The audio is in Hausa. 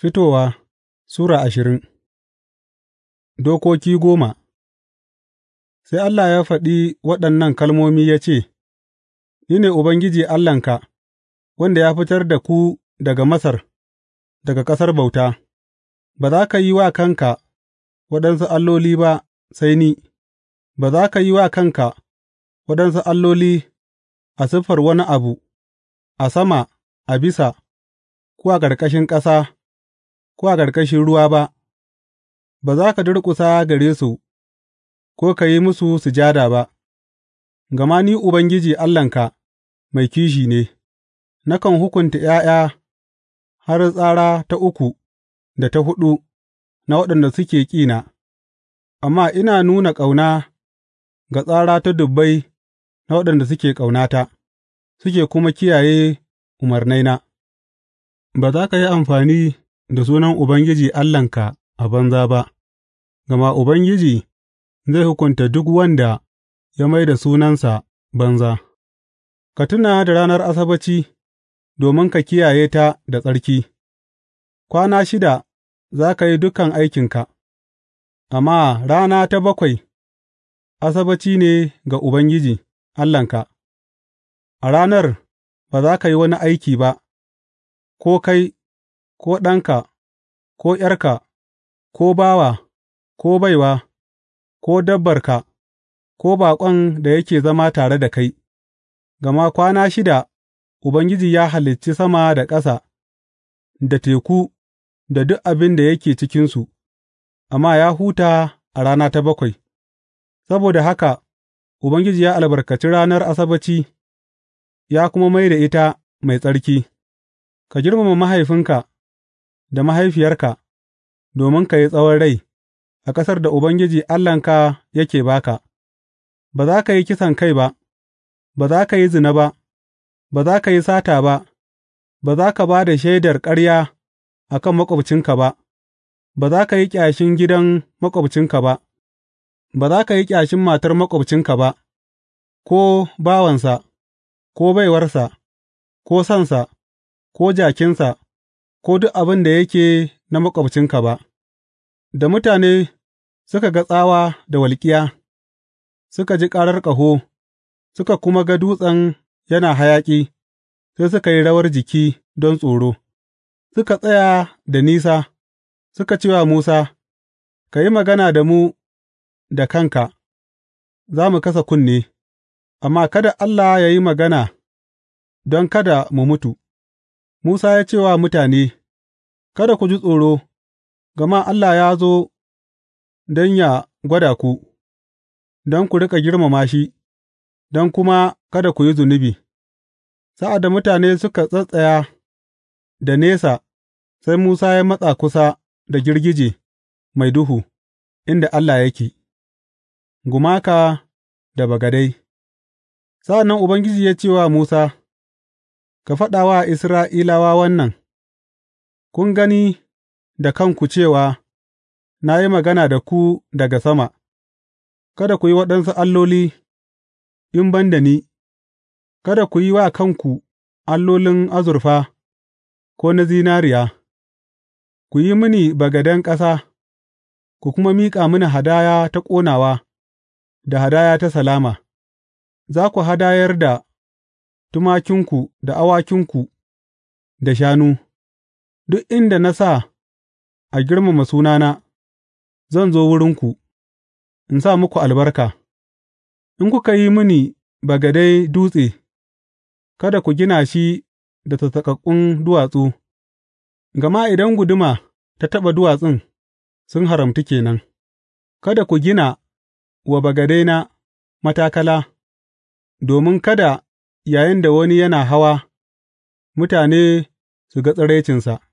Fitowa Sura ashirin Dokoki goma Sai Allah ya faɗi waɗannan kalmomi ya ce, Ni ne Ubangiji Allahnka, wanda ya fitar da ku daga Masar, daga ƙasar bauta, ba za ka yi wa kanka waɗansu alloli ba sai ni, ba za ka yi wa kanka waɗansu alloli a siffar wani abu, a sama, a bisa, ko a ƙarƙashin ƙasa. ko a ƙarƙashin ruwa ba, ba za ka durƙusa gare su ko ka yi musu sujada ba, gama ni Ubangiji Allahnka mai kishi ne, nakan hukunta ’ya'ya har tsara ta uku da ta huɗu na waɗanda suke ƙina, amma ina nuna ƙauna ga tsara ta dubbai na waɗanda suke ƙaunata, suke kuma kiyaye umarnaina. Ba za ka yi amfani da sunan Ubangiji Allahnka a banza ba, gama Ubangiji zai hukunta duk wanda ya mai da sunansa banza. Ka tuna da ranar asabaci domin ka kiyaye ta da tsarki, kwana shida za ka yi dukan aikinka, amma rana ta bakwai asabaci ne ga Ubangiji Allahnka, a ranar ba za ka yi wani aiki ba, ko kai ko ɗanka, ko ’yarka, ko bawa, ko baiwa, ko dabbarka, ko baƙon da yake zama tare da kai, gama kwana shida Ubangiji ya halicci sama da ƙasa, da teku, da duk abin da yake cikinsu, amma ya huta a rana ta bakwai, saboda haka Ubangiji ya albarkaci ranar Asabbaci, ya kuma mai da ita mai tsarki, ka girmama mahaifinka. da mahaifiyarka, domin ka yi tsawon rai a ƙasar da Ubangiji Allahnka yake ba ka, ba za ka yi kisan kai ba, ba za ka yi zina ba, ba za ka yi sata ba, ba za ka ba da shaidar ƙarya a kan maƙwabcinka ba, ba za ka yi ƙyashin gidan maƙwabcinka ba, ba za ka yi ƙyashin matar maƙwabcinka ba, ko bawansa, ko baiwarsa, ko sansa, ko jakinsa. ko duk abin da yake na maƙwabcinka ba, da mutane suka ga tsawa da walƙiya, suka ji ƙarar ƙaho, suka kuma ga dutsen yana hayaƙi, sai suka yi rawar jiki don tsoro, suka tsaya da nisa, suka ce wa Musa, Ka yi magana da mu da kanka, za mu kasa kunne, amma kada Allah ya yi magana don kada mu mutu. Musa ya ce wa mutane, Kada ku ji tsoro, gama Allah ya zo don yă gwada ku, don ku riƙa girmama shi, don kuma kada ku yi zunubi, sa'ad da mutane suka tsattsaya da nesa, sai Musa ya matsa kusa da girgije mai duhu, inda Allah yake, gumaka da bagadai. Sa'an nan Ubangiji ya ce wa Musa, Ka faɗa wa Isra'ilawa wannan, Kun gani da kanku cewa na yi magana da ku daga sama, Kada ku yi waɗansu alloli in ban da ni, kada ku yi wa kanku allolin azurfa ko na zinariya, ku yi mini bagaden ƙasa, ku kuma miƙa mini hadaya ta ƙonawa da hadaya ta salama, za ku hadayar da tumakinku da awakinku da shanu, duk inda na sa a girmama sunana, zan zo wurinku, in sa muku albarka, in kuka yi mini bagade dutse, kada ku gina shi da sassaƙaƙƙun duwatsu, gama idan guduma ta taɓa duwatsun, sun haramtu kenan. kada ku gina wa bagadena matakala, domin kada yayinda wani yana hawa, mutane su ga tsiraicinsa.